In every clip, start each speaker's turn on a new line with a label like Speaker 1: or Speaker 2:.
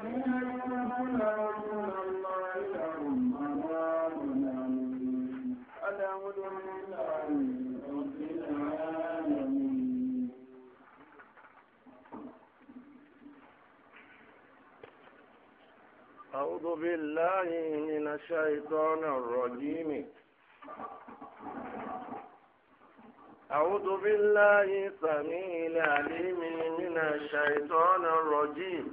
Speaker 1: أعوذ بالله من الشيطان الرجيم أعوذ بالله سميع العليم من الشيطان الرجيم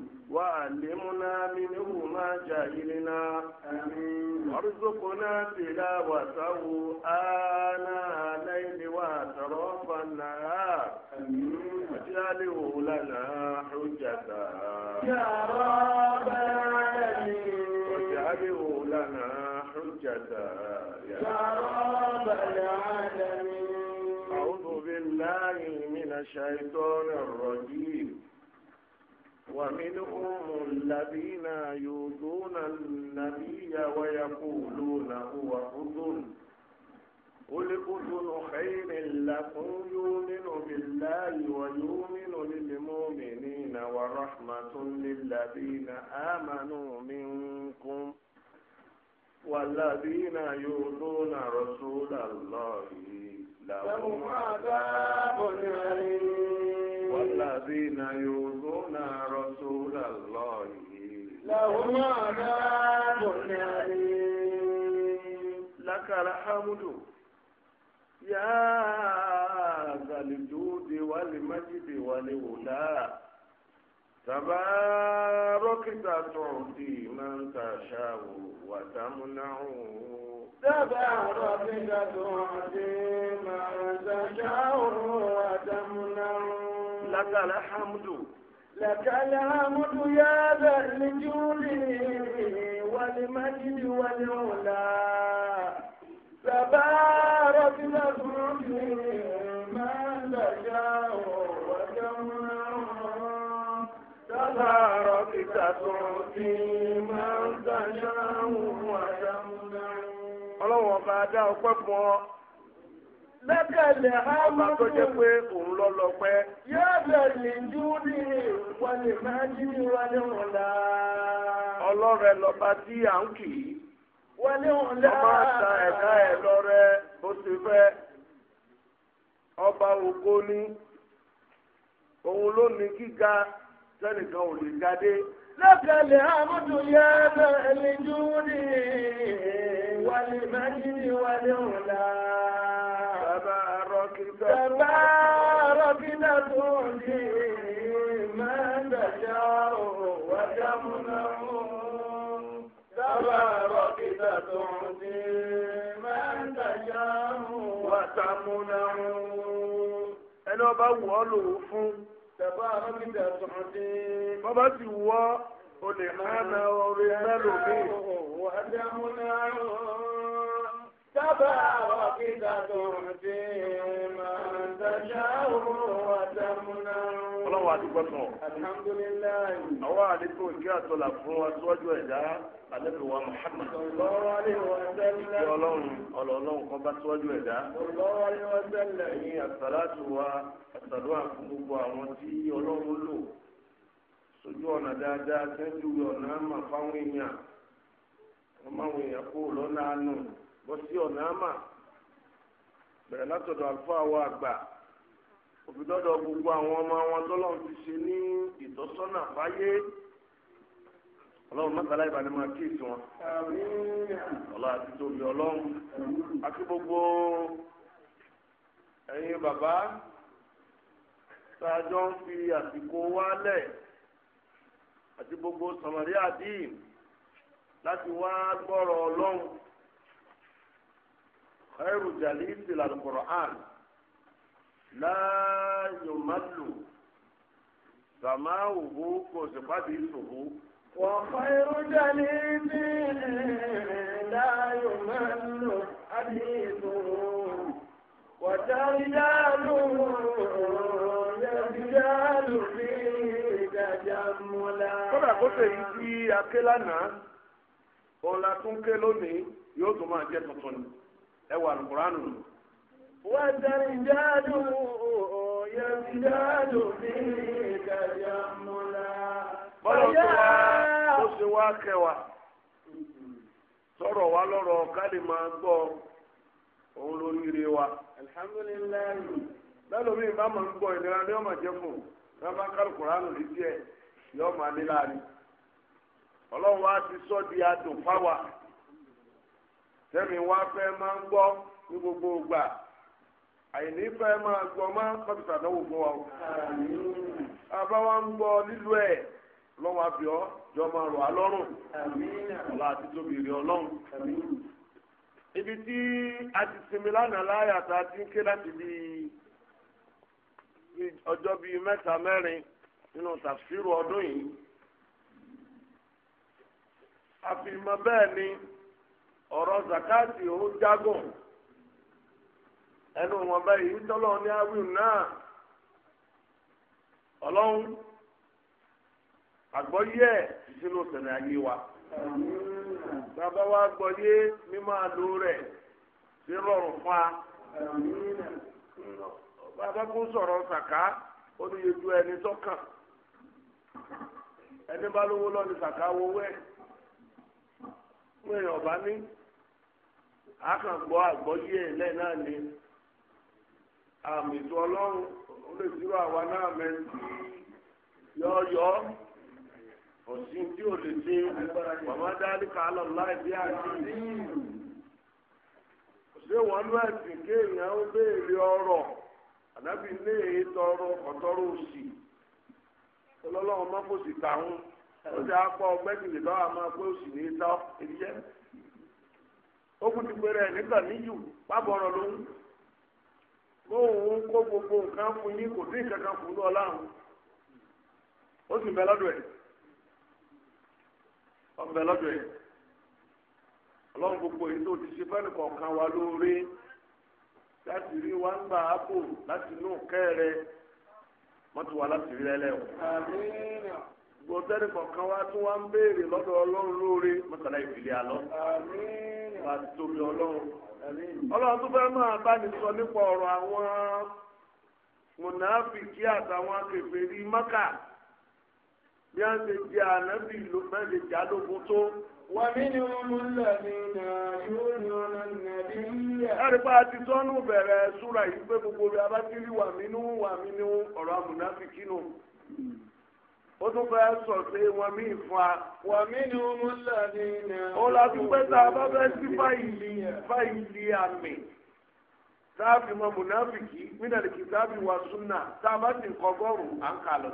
Speaker 1: وعلمنا منه ما جهلنا وارزقنا تلاوته آناء الليل وأطراف النهار واجعله لنا حجة يا رب العالمين واجعله لنا حجة يا رب العالمين أعوذ بالله من الشيطان الرجيم ومنهم الذين يؤذون النبي ويقولون هو أذن قل أذن خير لكم يؤمن بالله ويؤمن للمؤمنين ورحمة للذين آمنوا منكم والذين يؤذون رسول الله لهم عذاب أليم والذين يؤذون رسول الله لهم عذاب أليم لك الحمد يا ذا الجود والمجد والولاء تبارك تعطي من تشاء وتمنع تبارك تعطي من تشاء لك الحمد لك الحمد يا ذا الجود والمجد والعلا تبارك لك ما تشاء تبارك تعطي من تشاء وتمنع ọlọ́wọ́n ọba dá ọpẹ́ fún ọ lẹ́kẹ̀lẹ̀ ha máa tó jẹ́ pé òun lọ lọ pẹ́. yóò bẹ̀rẹ̀ ní ìwọlé máa jí ní wọlé wọn la. ọlọ́rẹ̀ lọ́ba tí à ń kì í. wọlé wọn la. ọba ta ẹ̀ka ẹ̀ lọ́rẹ́ bó ti ọba ògo ni òun ló ní sẹ́nìkan ò lè ga dé. bẹ̀rẹ̀ jí ní wọlé wọn la. bá wù ọ́ lòun fún. tàbá arábìdà sọ̀rọ̀ ní. wọ́n bá sì wù ọ́ o lè máa na orin mẹ́lòmíì. wàá dámúná. dábàá. wa dúpẹ́ fún ọ. atọla àwọn àlékún àtọ́là fún wa síwájú ẹ̀dá àlẹ́bí wa muhammad. ọlọ́run ọlọ́run kan bá síwájú ẹ̀dá. ọlọ́wọ́ alẹ́ wa gbogbo àwọn tí ọlọ́run lò ọ̀nà dáadáa ọ̀nà àmà fáwọn èèyàn wọ́n máa kó lọ́nà àánú bọ́ sí ọ̀nà àmà bẹ̀rẹ̀ látọ̀dọ̀ àlùfáà òbí dọ́dọ̀ gbogbo àwọn ọmọ wọn tọ́lọ́run ti ṣe ní ìtọ́sọ́nà fáyé ọlọ́run mọ́tàlá ìbàdàn máa kíyèsí wọn. ọlọ́run àti tóbi ọlọ́run àti gbogbo ẹ̀yin bàbá tá a jọ ń fi àsìkò wálẹ̀ àti gbogbo sàmàrí àdìm láti wá gbọ́rọ̀ ọlọ́run khairu jalisi lal Qur'an láàyò mọ́lò sàmáwòwò kò sì pàdé ìṣòwò. wọ́n fa irú jẹ́lí bí láàyò mọ́lò àbí ìṣòwò. وترجال يرجال في تجملا. kódà kó ṣe yìí tí a ké lánàá ọ̀la tún ké lónìí yóò tún máa jẹ́ tuntun ẹwà alukuraanu nù. وترجال يزداد فيك جملا bọ́lá tó wá kẹwàá sọ̀rọ̀ wa lọ́rọ̀ ká máa gbọ́ òun lóríire wa. lẹ́lọ́mí bá máa ń gbọ́ ìlera ní ọmọ jẹ́ fún rábà kárùkùránù létí ẹ̀ yóò máa ní ọlọ́run wa ti sọ di adùn fáwa tẹ́mi wá fẹ́ máa ń gbọ́ ní gbogbo ìgbà. àyìnbí fẹ́ máa gbọ́ má kọ́bìsà náwó fún wa o. àbá wa ń gbọ́ nílùú ẹ̀ lọ́wọ́ àbíọ́ jọ máa rọ̀ á lọ́rùn ọ̀la àti tóbi rí ọlọ́run. ibi tí a ti sinmi lánàá láyà tá a ti ń ké láti bí ọjọ́ bíi mẹ́ta mẹ́rin nínú tàfsírù ọdún yìí. àfihàn bẹ́ẹ̀ ni ọ̀rọ̀ zakati ó jágùn. ẹnu wọn báyìí tọ́lọ́ ní awíù náà ọlọ́run àgbọ́yé ẹ̀ sínú sẹ̀nà ayé wa bàbá wa gbọ́yé mímọ́ àlò rẹ̀ sí rọrùn fún wa bàbá kò sọ̀rọ̀ sàká ó ju ẹni tọ́kàn ẹni bá lówó lọ ní sàká wọwọ èèyàn àmì tó ọlọ́run ó lè dúró àwa náà mẹ́tí yọ̀ọ̀yọ̀ òsín tí ò lè ṣe màmá dáálí kàálọ̀ láì bí ṣé wọn lọ kéèyàn ó béèrè ànábì tọrọ òsì ọlọ́lọ́run má kò sì ó ti akọ ọgbẹ́kìlì pé òsì ní tọ́ ó kú ti ẹ̀ nígbà níyù lóhùn ń kó gbogbo nǹkan fún yín kò sí ìkankan fún lọ láàrún ó sì bẹ lọ́dọ̀ gbogbo èyí tó ti ṣe fẹ́ẹ̀nì kọ̀ọ̀kan wa lóore láti rí wa ń gbà á bò láti inú kẹ́ẹ̀rẹ́ mọ́tò wa láti rí lẹ́lẹ́wọ̀. gbọ̀dẹ́rì kọ̀ọ̀kan wa tún wá ń béèrè lóore ọlọ́run tó fẹ́ máa bá ní sọ nípa ọ̀rọ̀ àwọn mùnàfíkì àtàwọn akèfèrí mọ́kà bí wọ́n ṣe jẹ ànábì bẹ́ẹ̀ ṣe jà lógun tó. wà nínú múlẹ̀mí náà yóò yan nàbí. ẹ̀rí pa àti sọ́nù bẹ̀rẹ̀ súra yìí pé gbogbo rẹ̀ abájírí wà mí nínú wà mí nínú ọ̀rọ̀ àmùnàfíkì nù ó tún fẹ́ sọ pé wọ́n mí fún wa. wọ́n mí ni wọ́n mú lọ́ọ̀dì náà. ó la tún pẹ́ tá a bá fẹ́ sí fáìlì fáìlì àmì táàbì mọ mùnàfìkì mínàlìkì táàbì wà súnà tá sì ń kọgọ́rùn à ń kà lọ.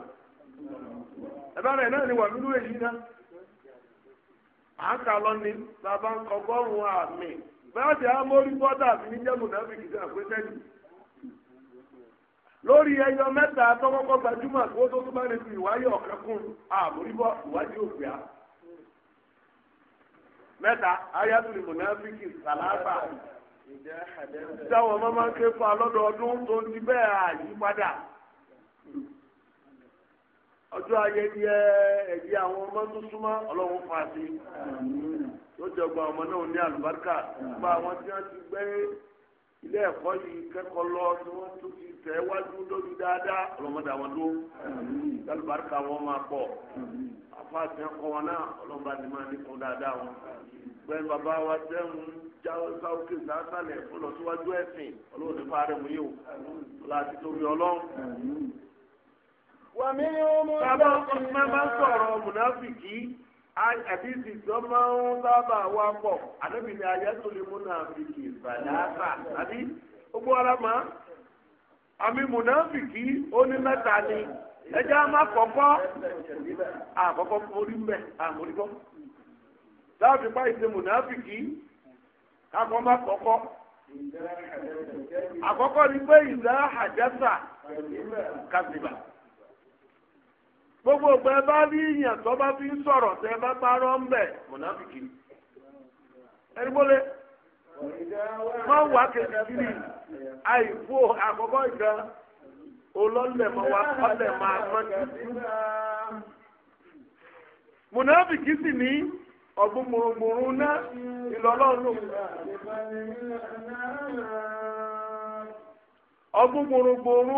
Speaker 1: ẹ̀bá rẹ̀ náà ni wà nínú èyí náà. à ń kà lọ ni tá ń kọgọ́rùn àmì báyọ̀ tí a mórí bọ́dà àbí níjẹ́ mùnàfìkì sí àpẹtẹ́lì. lórí ẹyọ mẹ́ta tọ́kọ́kọ́ gbajúmọ̀ kó tó tó bá lè fi ìwáyọ̀ ọ̀kẹ́kùn àmúríbọ̀ ìwádìí òpìá mẹta ayatul munafiki sàlábà táwọn máa ń ké tó ń àyípadà ayẹyẹ àwọn ọmọ tó súnmọ́ ọlọ́run fà sí yóò ọmọ náà ní gba àwọn tí ti gbé ilé ẹ̀kọ́ yìí lọ tí tẹ̀síwájú lórí dáadáa ọlọ́mọdé àwọn tó tálùbáríkà wọn máa pọ̀ afáàtì ẹ̀kọ́ wọn náà ọlọ́mọdé àti máa nípọn dáadáa wọn. gbẹ̀yìn bàbá wa sẹ́hùn jáwé sáwókè sàásàlẹ̀ fún lọ síwájú ẹ̀sìn ọlọ́run ní fàárẹ̀ mú yìí o láti tóbi ọlọ́run. wàmí ọmọ ìgbà tí máa ń sọ̀rọ̀ mùnáfìkì àdìsí tó máa ń sábà wá pọ̀ àdébìnrin ayé tó lè múnàfìkì ìbàdàn àbí gbogbo ara máa. àmì mùnàfìkì ó onye ni ẹjẹ́ á kọkọ kọ́kọ́ àkọ́kọ́ orí mbẹ́ àmúrígbọ́ láti pa ìṣe mùnàfìkì kákọ́ má kọkọ àkọ́kọ́ ni pé ìdá àjẹsà kàzìbà gbogbo ògbà bá rí ìyàn tó bá fi ń sọrọ tẹ bá parọ́ ń mùnàfìkì àìfó àkọ́kọ́ ìgbà olólèmọ̀ wa kọ́lẹ̀ máa mọ́ títú. mùnàfíkì ná ìlọ́lọ́run. ọ̀gbun mùrùmùrù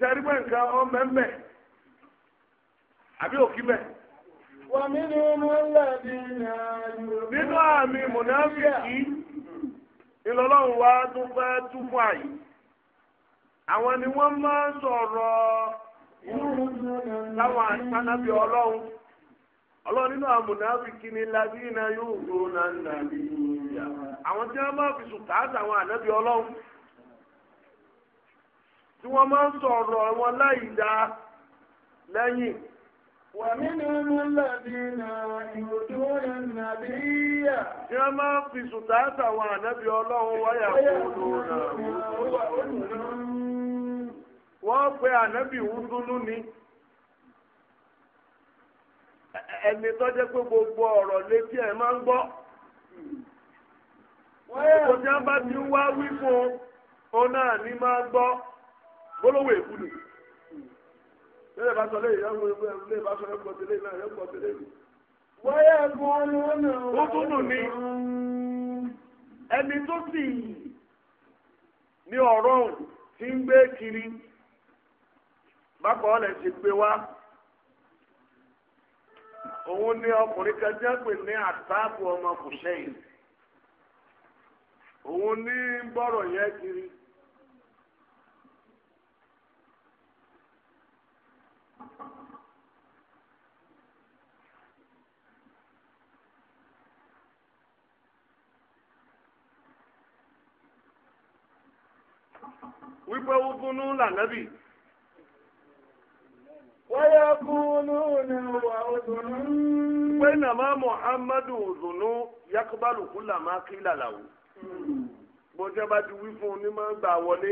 Speaker 1: sẹ́rígbẹ́ nǹkan nke àbí òkímẹ́. wà nínú mọ́lẹ́bí náà. nínú àmì mùnáfíìkì ìlọ́lọ́run wa tún fẹ́ tún fún àyè àwọn ni wọ́n máa ń sọ̀rọ̀ láwọn àtànàbí ọlọ́run ọlọ́run nínú àwọn mùnáfíìkì ni làbí yóò gbóná nàbí àwọn tí wọ́n máa fi sùn káàtà tí wọ́n máa ń sọ̀rọ̀ wọn láì dá lẹ́yìn. ومنهم الذين يؤتون النبي كما في ستاة ونبي الله ويقولون wọ́n pe ànábì wúdúnú ni ẹni tó jẹ́ pé gbogbo ọ̀rọ̀ létí ẹ̀ máa ń gbọ́ gbogbo wọ́n bá ti wá wí fún un náà ni máa gbọ́. gbólóhùn èkú ni lẹ́yìn bá sọ lẹ́yìn yẹn lẹ́yìn bá sọ yẹn gbọ́ tẹ́lẹ̀ náà yẹn gbọ́ tẹ́lẹ̀ ni. wáyà kan lọ́nà ó tún nù ní ẹni tó sì ní ọ̀rọ̀ tí ń gbé kiri bákan ọ̀lẹ̀ ti gbé wá òun ní ọkùnrin kan jẹ́ pé ní àtàbù ọmọ kò sẹ́yìn òun ní bọ́rọ̀ yẹn kiri. wípé ó dúnú lànàbì. wáyà kúnú ni wà ó dùnú. pé nàmá muhammadu dùnú yakubalu kula má kí làlàwò. bọ́jà bá ti wí fún un ní máa ń gbà wọlé.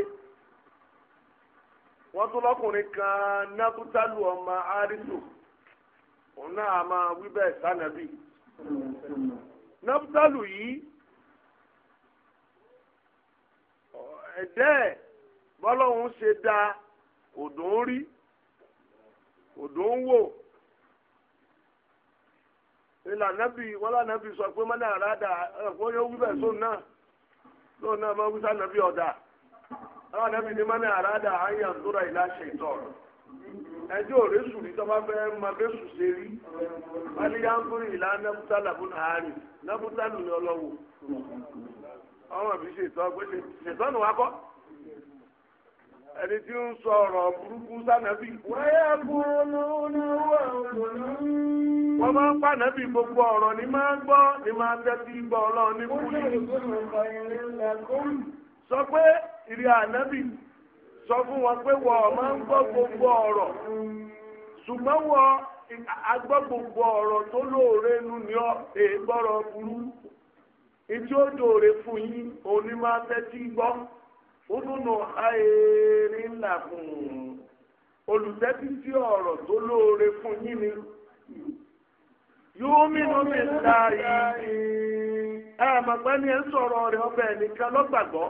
Speaker 1: wọ́n tún lọ́kùnrin kan nákútálù ọmọ àrísù òun náà máa wí bẹ́ẹ̀ sànàbì. nákútálù yìí. ẹ̀dẹ́ ẹ̀ bọ́lọ́hún ṣe da òdò ń rí òdò ń wò ìlànà bí wọn lànà sọ pé mọ́nà àràdà ẹ̀kọ́ yóò sóun náà lóun náà máa wí sànà ọ̀dà àwọn ànábì ní mọ́nà àràdà àyàn tó ìlà ṣe ìtọ́ ẹjọ́ òré sùn fẹ́ ọmọ mi ṣètò ọgbẹ́ ṣètò ọ̀nà ẹni tí ń sọ ọ̀rọ̀ burúkú sànàbí. wáyà kúrò náà wọ́n máa ń pànàbí gbogbo ọ̀rọ̀ ni máa ń ni máa ń tẹ́tí gbọ́ ní sọ pé ìrì ànábì sọ fún wọn pé wọ́n máa gbogbo ọ̀rọ̀ ṣùgbọ́n wọ́n gbogbo ọ̀rọ̀ tó lóore ibi ó dòòrè fún yín ma máa tí gbọ́ fúnnù ayéèrè ńlá fún un olùtẹ́tí sí ọ̀rọ̀ tó lóore fún yín ni yóò mínú mi ta ẹ màgbá ni ẹ ń sọ̀rọ̀ rẹ ọbẹ̀ nìkan lọ́gbàgbọ́.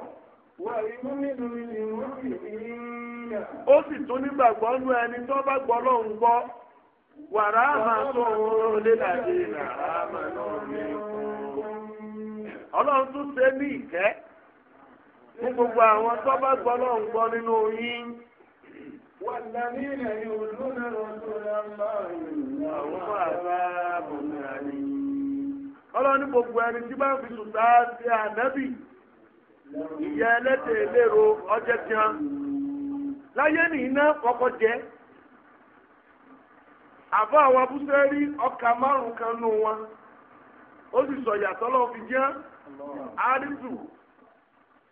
Speaker 1: ọlọ́run tún ṣe ní ìkẹ́ fún gbogbo àwọn tó bá gbọ́ gbọ́ nínú yín. ọlọ́run ní gbogbo ẹni tí bá fi sí ànábì ìyá ẹlẹ́tẹ̀ láyé ní iná kọ́kọ́ jẹ́ àbọ̀ àwọn ọkà márùn sọ ìyàtọ̀ lọ́wọ́ fi àrísù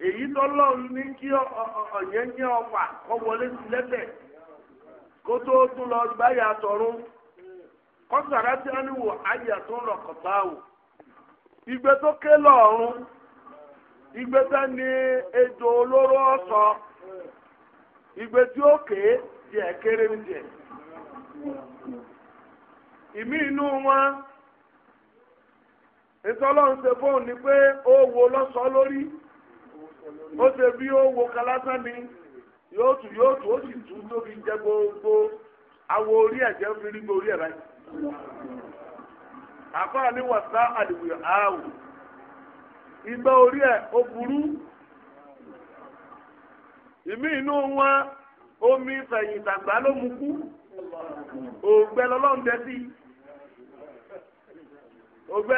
Speaker 1: èyí Eyi lọ́run ní kí ọ̀yẹ́ jẹ́ ọ̀fà kọ́ wọlé sí lẹ́tẹ̀ kó tó tún lọ gbáyà tọ̀run kọ́sàrá tí wọ́n ní wò ayà tó ń lọ kọ̀tà ìgbé tó ké lọ́ọ̀run ìgbé tó ní ejò olóró ọ̀sán ìgbé tí ó ké tiẹ̀ kéré ń jẹ ìmí inú wọn. ìtọ́lọ́run ṣe fóun ni pé ó wo lọ́sọ̀ọ́ lórí ó ṣe bí ó wo ni yóò tù yóò tù ó sì tù tóbi jẹ gbogbo awo orí ẹ̀jẹ̀ fi rí gbórí ẹ̀ báyìí. omi fẹ̀yìntàgbà ló mú kú òògbẹ́ lọ́lọ́run ogbe.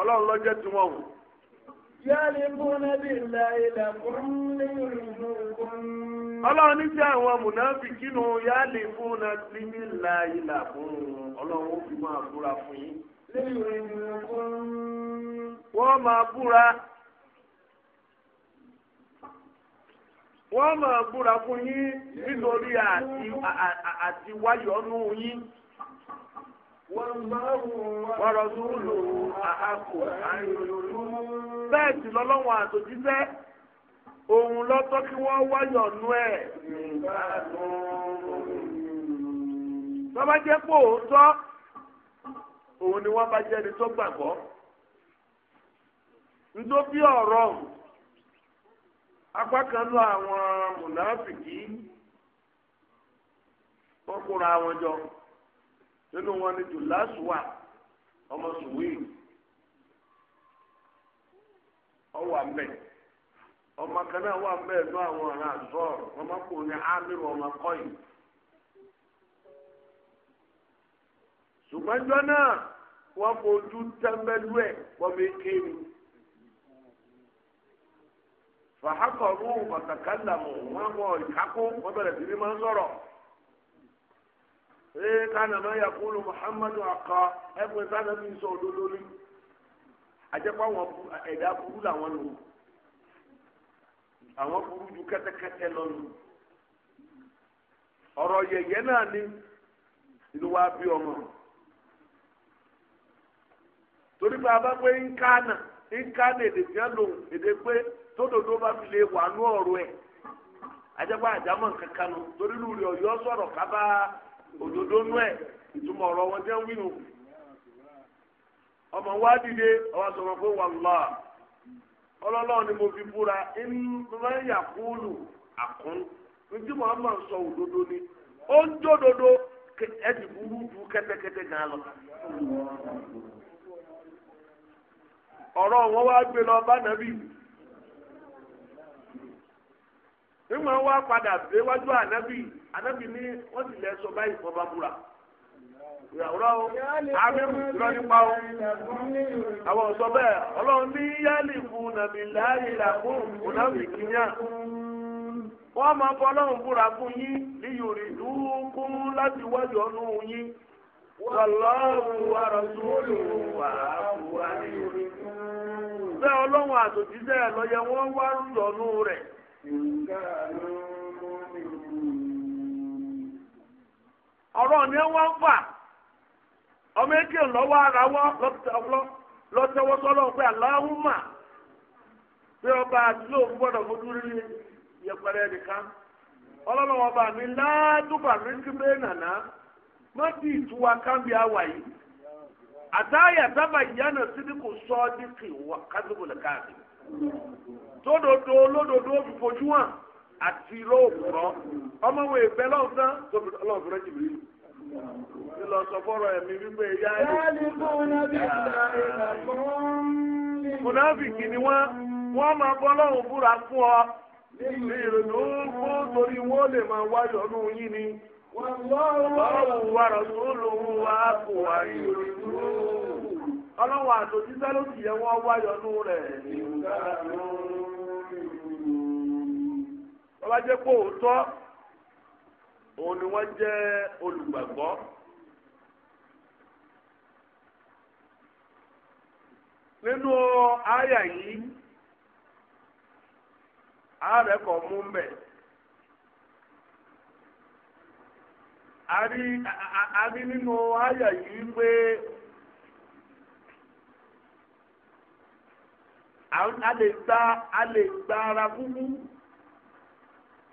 Speaker 1: ọlọ́run lọ́jọ́ tí wọ́n wù. yálì múná bí ilà ilà fún ní ìlú kún. ọlọ́run ní sí àwọn mùnáfíkí nù yálì múná bí ilà ilà fún ọlọ́run ó fi máa búra fún yín. wọ́n máa búra. wọ́n máa búra fún yín nítorí àti nù yín. wọ́rọ̀dúnlò àhàkù àìròyìn. bẹ́ẹ̀ sì lọ́lọ́wọ́n àtòjíṣẹ́ òun lọ́tọ́ kí wọ́n wáyọ̀ nú ẹ̀. bàbá jẹ́ pé òótọ́ òun ni wọ́n bá jẹ́ ẹni tó gbàgbọ́. bí ọ̀rọ̀ apá kan lọ àwọn mùnàfìkì wọ́n kóra wọn nínú wọn ni jùlásùwà ọmọ sùwìn ọwà mbẹ ọmọ kan náà wà mbẹ lọ àwọn ará zọọrọ ọmọkùnrin amiru ọmọ kọyìn ṣùgbọ́n jọ náà wọ́n fojú tẹ́ḿbẹ́lú ẹ̀ wọ́n fi kéwì fàhákọ̀ọ́rù pàtàkì ìkákó bẹ̀rẹ̀ sí ní máa ń sọ̀rọ̀. ee kánà ma ya kúlù muhammadu akọ ẹgbẹ́ sànà bí sọ òdodo ni àjẹpọ̀ àwọn ẹ̀dá burú làwọn lò àwọn burú ju kẹ́tẹ́kẹ́tẹ́ lọ lò ọrọ yẹ̀yẹ́ náà ni inú wa bí ọmọ torí pé a bá gbé nkánà nkánà èdè lò èdè tódòdó bá fi lè wà nú kankan torí kábàá. òdòdó nú ẹ̀ ìtumọ̀ ọ̀rọ̀ wọn jẹ́ wínú ọmọ wa dìde ọwọ́ sọ wọn pé wàllá ọlọ́lọ́ ni mo fi búra ẹni bàbá yà kúlù àkún ojú muhammad sọ òdodo ni ó ń jó dodo ẹ burú ju kẹ́tẹ́kẹ́tẹ́ gan lọ. ọ̀rọ̀ wọn wá gbé lọ bá nàbí ànábì ní wọ́n sì lẹ́ sọ báyìí fọ́ búra ìyàwòrán o àbẹ̀mú nípa o àwọn ọ̀sọ́ bẹ́ẹ̀ ọlọ́run ní yálì fún nàbì láàyè làkún ònàbì wọ́n máa fọ ọlọ́run búra fún yín níyòrì dúkún láti wájú ọ̀nù yín wà bẹ́ẹ̀ ọlọ́run àtòjíṣẹ́ lọ́yẹ wọ́n wá rẹ̀. ọ̀rọ̀ ni wọ́n ń fà ọmọ eke lọ́wọ́ ara wọ́ lọ́tẹ́wọ́ sọ́lọ́ pé aláhùnmá pé ọba àtúlò gbọ́dọ̀ fojú rí yẹpẹrẹ nìkan ọlọ́lọ́wọ́ ọba mi ládùbà rẹ́ńkìmẹ́ nàná má ti ìtura kábí àwà yìí àtàyà sábà ìyáná sídìkù sọ́ọ́dìkì wà kásìkò lódodo hàn. àti lóòkùrọ ọmọ iwe. ìfẹ́ tóbi ọlọ́ọ̀fẹ́rẹ́ jìbìrì ní lọ sọ ẹ̀mí wípé yá ẹni. mùnàfíkì ni wọ́n wọ́n máa búra fún ọ ní ìrònú torí wọ́n lè máa wáyọ̀ nù ni. Ọlọ́run wa ló ti yẹ wọ́n rẹ̀. bá jẹ́ pé òótọ́ òun ni wọ́n jẹ́ olùgbàgbọ́. nínú àyà yìí ààrẹ kò mú mbẹ a rí nínú àyà yìí pé a lè gba ara kúkú.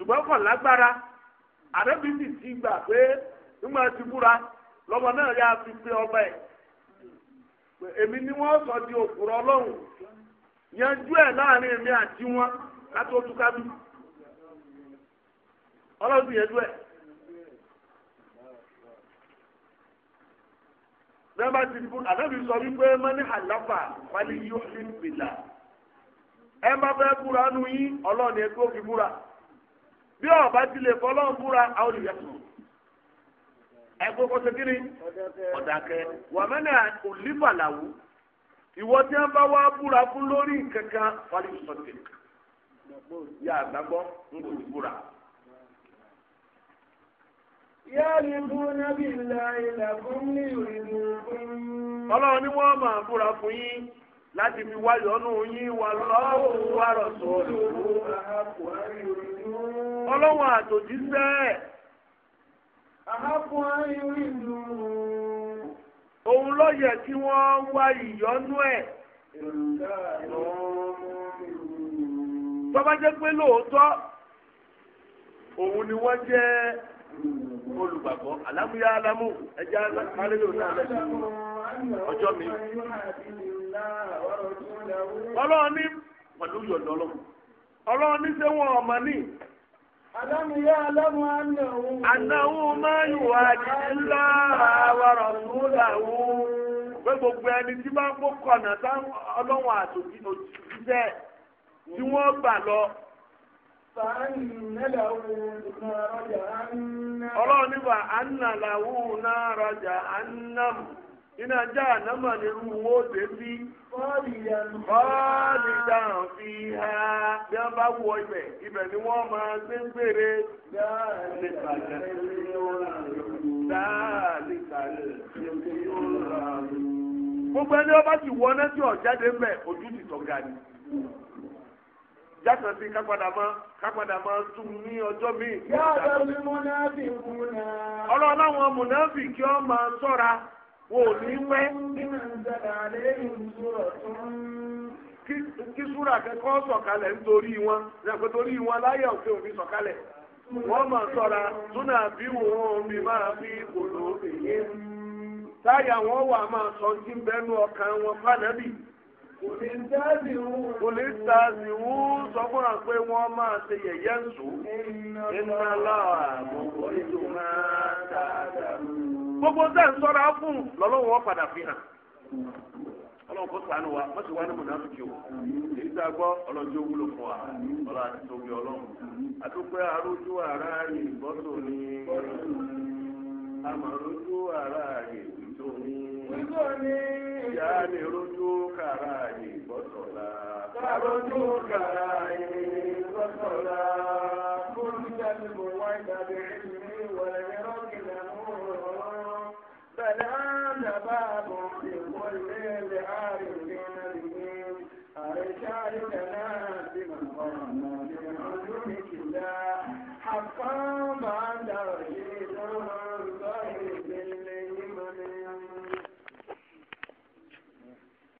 Speaker 1: ṣùgbọ́n lagbara lágbára àdébìtì ti gbà pé nígbà tí búra lọ́mọ náà yá fi pé ọba ẹ̀ èmi ni wọ́n sọ di òkúrọ̀ ọlọ́run yanjú ẹ̀ láàrin èmi àti wọn láti ojú kábí ọlọ́run yanjú ẹ̀. bẹ́ẹ̀ ti dìbò ànábì sọ wípé mẹ́ni àlàfà wálé yóò ṣe ń gbèlà ẹ má fẹ́ búra nu yín ọlọ́run bí ọba ti lè fọlọ́n búra àwọn olùyẹ fún un. ẹgbẹ́ kò ṣe kíni ọ̀dàkẹ́ olífàlàwù ìwọ tí a bá wá búra fún lórí kankan wàlú sọtẹ yà àgbàgbọ ń kò búra. ni wọ́n máa búra fún yín. láti fi wá yọ́nú yín wà lọ́wọ́ wà rọ̀sọ̀ọ̀lù. ọlọ́wọ́ àtòjíṣẹ́. òun ló yẹ kí wọ́n wá ìyọ́nú ẹ̀. jẹ́ pé lóòótọ́ òun ni wọ́n jẹ́ olùgbàgbọ́ àlámúyá alámú ẹja alẹ́ náà lẹ́yìn ọjọ́ mi. Ọlọ́ọ̀ni ní pẹ̀lú yọ̀dọ̀ lọ ṣé wọn ọmọ ní. Àdámù yá alámù ànáwó. máa ń wà gbogbo ẹni tí máa ń kó kọ̀nà táwọn ọlọ́run àtòjì bà lọ. Ọlọ́run nígbà ànàlàwò náà rọjà iná ajá ànámà nírú wọn ó dé sí. bọ́ọ̀lì dáhùn fi ha bí wọ́n bá wọ ibẹ̀ ibẹ̀ ni wọ́n máa gbé gbére. gbogbo ẹni ọba ti wọ ọ̀nà tí ọ̀jáde mẹ́ ojú ti tọ̀ga ni. Jákàn sí kápadà máa kápadà máa tún ní ọjọ́ míì. Yóò lọ sí Múnáfì kúnà. Ọlọ́run àwọn Múnáfì kí ọ máa wọn ò ní kí súrà kẹ́kọ̀ọ́ sọ̀kalẹ̀ nítorí wọn wọn láyé òfin òfin sọ̀kalẹ̀ wọ́n mọ̀ sọ́ra túnà bí wọn mi máa fi kòló èyí. táyà wọn wà máa sọ tí bẹnu ọkàn wọn fànẹ́bì. Olùta sì wú sọ fún wa pé wọ́n máa ṣe yẹ̀yẹ́ ń sùn. gbogbo ń sẹ́yìn sọ́ra fún lọ́lọ́wọ́ padà fi hàn ọlọ́run kó ṣàánú wa wọ́n ti wá ní mùnàfíkì o èyí tá a gbọ́ ọlọ́jọ́ wúlò fún wa àti tóbi ara rè gbọ́dọ̀ ní ara rè gbọ́dọ̀ ní ìyá kàrà rè la kàrà rè la ذلك لا